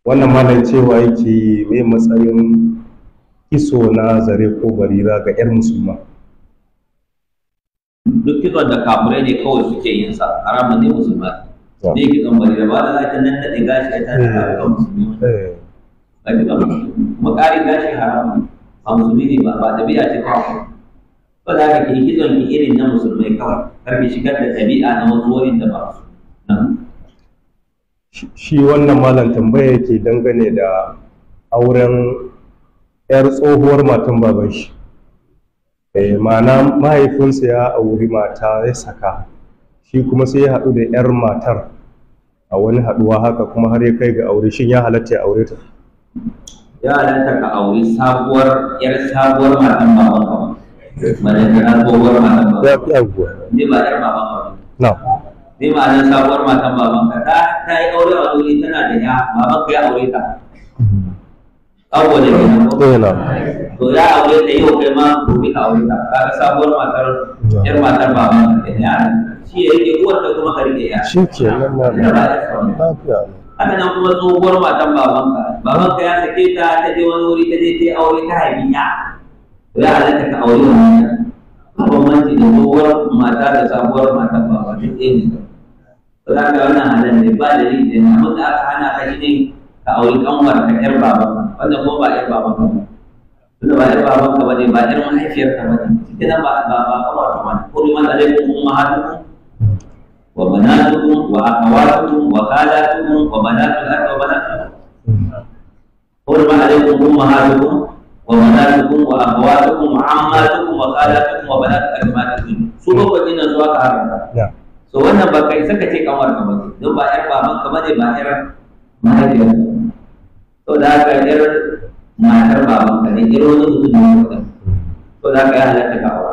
wannan malam cewa yake mai matsayin kiso na zare ko barira ga 'yar musulma duk kiso da kafirai ne kawai suke yin sa haramun ne musulma ne kitson barira ba da zata nan daɗe gashi ta ta eh. ga musulmi eh. kuma ƙari gashi haramun a musulmi ne ba ba ɗabi'a ce kawai ba za ka ki kitson ki irin na musulmai kawai kar ki shigar da ɗabi'a na wasu wurin da ba su shi wannan malam tambaya ke dangane da auren yar tsohuwar matan baban shi eh, ma'ana mahaifinsa ya auri mata ya saka shi kuma sai ya haɗu da yar matar a wani haɗuwa haka kuma har ya kai ga aure shin ya halatta ya aure ta ya halatta ka aure sabuwar yar sabuwar matan baban ka ba ma'ana sabuwar matan baban ba ne ba yar baban ka ba ma ma'anar sabuwar matan babanka ta ta yi aure a wuri tana da ya babanka ya aure ta abuwa da ke nan eh, to ya aure ta yi wa ma gobe ka aure ta kaga sabuwar matar yar matar babanka da ya shi ya rike uwar ta kuma ka rike ya shi ke nan ma lafiya haka nan kuma tsohuwar matan babanka babanka ya sake ta ta je wani wuri ta je ta yi aure ta haifi ya ya halatta ka aure wannan bambanci da tsohuwar mata da sabuwar matan babanka ne to da ka wannan halal ne ba da yin din abin da aka hana ka shine ka auri kanwar ka yar baban wanda ko ba yar baban ka ba tunda ba yar baban ka bane ba yar mahaifiyar ka bane cikin ba ba ba kanwar ka bane ko liman alaikum ummahatukum wa banatukum wa akhawatukum wa khalatukum wa banatul akhi wa banatul ko liman alaikum ummahatukum wa banatukum wa akhawatukum wa ammatukum wa khalatukum wa banatul akhi ma tadun su ba ko dinan zuwa ka haramta so wannan ba kai saka ce kamar ka bace don ba yar baban ka bane ba yar mahaifiyar to da haka yar matar baban ka ne irin wani mutum ne to da haka ya halatta ka